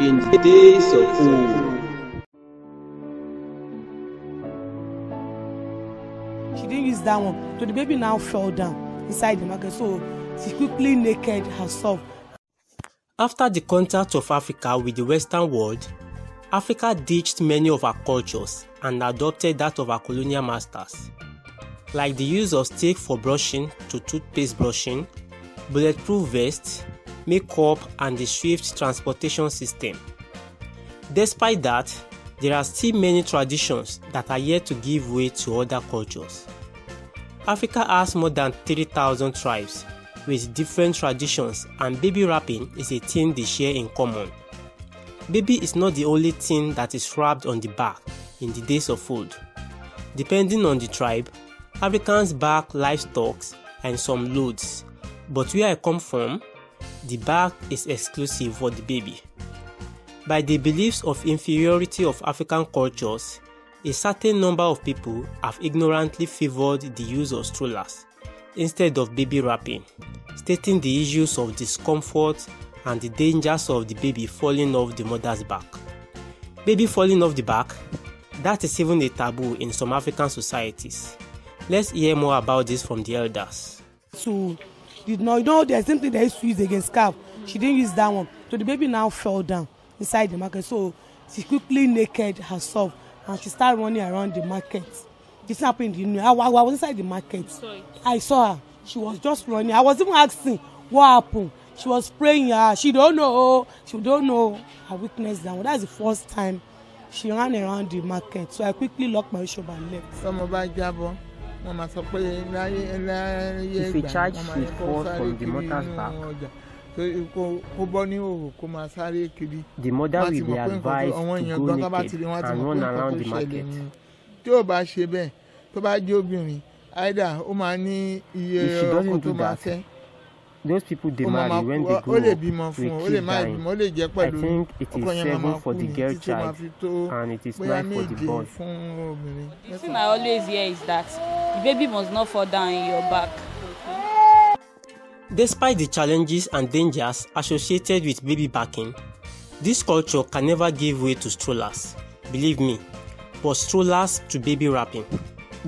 in the days of old. She didn't use that one. So the baby now fell down inside the market. So she quickly naked herself. After the contact of Africa with the Western world, Africa ditched many of her cultures and adopted that of her colonial masters, like the use of stick for brushing to toothpaste brushing, bulletproof vests, MakeUp, and the Swift transportation system. Despite that, there are still many traditions that are yet to give way to other cultures. Africa has more than 3,000 tribes with different traditions and baby wrapping is a thing they share in common. Baby is not the only thing that is wrapped on the back in the days of old. Depending on the tribe, Africans back livestock and some loads, but where I come from, the back is exclusive for the baby. By the beliefs of inferiority of African cultures, a certain number of people have ignorantly favored the use of strollers instead of baby wrapping, stating the issues of discomfort and the dangers of the baby falling off the mother's back. Baby falling off the back? That is even a taboo in some African societies. Let's hear more about this from the elders. So, you know you know the same thing they used to against calf she didn't use that one so the baby now fell down inside the market so she quickly naked herself and she started running around the market this happened in the I, I was inside the market I saw her she was just running I was even asking what happened she was praying ah she don't know oh, she don't know her weakness that. that's the first time she ran around the market so I quickly locked my shop and left. sọmọ bá jábọ. If máa charge pé láyé láyé the wọ́n máa the mother will be advised to go naked and run around the market. If she doesn't do that those people dey marry when they grow up they keep dying i think it is seven for the girl child and it is nine for the boy. the thing i always hear is that the baby must not fall down in your back. Despite the challenges and dangers associated with baby backing, this culture can never give way to strollers, believe me, but strollers to baby wrapping.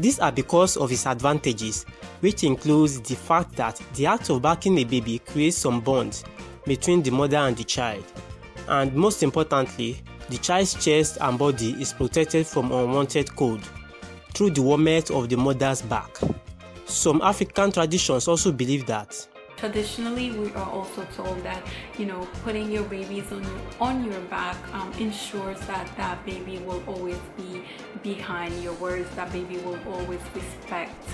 These are because of its advantages, which includes the fact that the act of backing a baby creates some bonds between the mother and the child. And most importantly, the child's chest and body is protected from unwanted cold through the warmth of the mother's back. Some African traditions also believe that traditionally we are also told that you know putting your babies on on your back um, ensures that that baby will always be behind your words that baby will always respect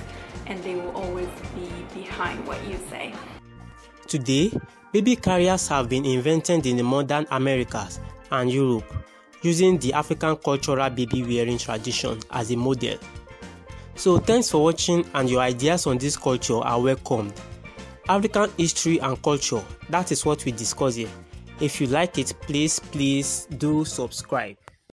and they will always be behind what you say today baby carriers have been invented in the modern americas and europe using the african cultural baby wearing tradition as a model so thanks for watching and your ideas on this culture are welcomed African history and culture. That is what we discuss here. If you like it, please, please do subscribe.